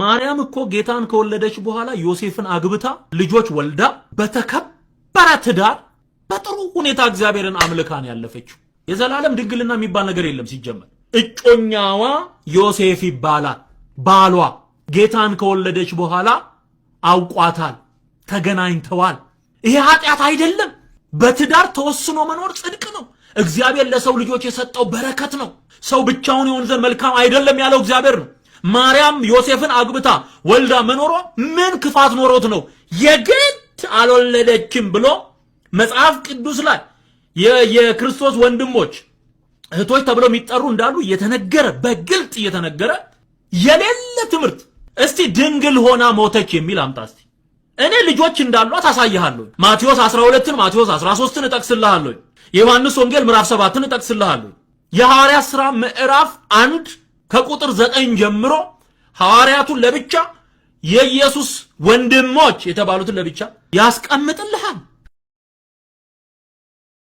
ማርያም እኮ ጌታን ከወለደች በኋላ ዮሴፍን አግብታ ልጆች ወልዳ በተከበረ ትዳር በጥሩ ሁኔታ እግዚአብሔርን አምልካን ያለፈችው። የዘላለም ድንግልና የሚባል ነገር የለም ሲጀመር። እጮኛዋ ዮሴፍ ይባላል። ባሏ ጌታን ከወለደች በኋላ አውቋታል፣ ተገናኝተዋል። ይሄ ኃጢአት አይደለም። በትዳር ተወስኖ መኖር ጽድቅ ነው። እግዚአብሔር ለሰው ልጆች የሰጠው በረከት ነው። ሰው ብቻውን የሆን ዘንድ መልካም አይደለም ያለው እግዚአብሔር ነው። ማርያም ዮሴፍን አግብታ ወልዳ መኖሯ ምን ክፋት ኖሮት ነው የግድ አልወለደችም ብሎ መጽሐፍ ቅዱስ ላይ የክርስቶስ ወንድሞች እህቶች ተብለው የሚጠሩ እንዳሉ እየተነገረ በግልጥ እየተነገረ የሌለ ትምህርት። እስቲ ድንግል ሆና ሞተች የሚል አምጣ እስቲ። እኔ ልጆች እንዳሏት አሳይሃለሁ። ማቴዎስ 12ን ማቴዎስ 13ን እጠቅስልሃለሁ። የዮሐንስ ወንጌል ምዕራፍ 7ን እጠቅስልሃለሁ። የሐዋርያ ሥራ ምዕራፍ አንድ ከቁጥር ዘጠኝ ጀምሮ ሐዋርያቱን ለብቻ የኢየሱስ ወንድሞች የተባሉትን ለብቻ ያስቀምጥልሃል።